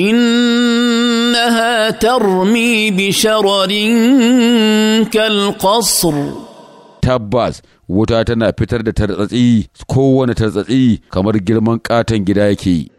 انها ترمي بشرر كالقصر tabbas wuta tana fitar da tartsatsi kowane tartsatsi kamar girman katon gida yake yi.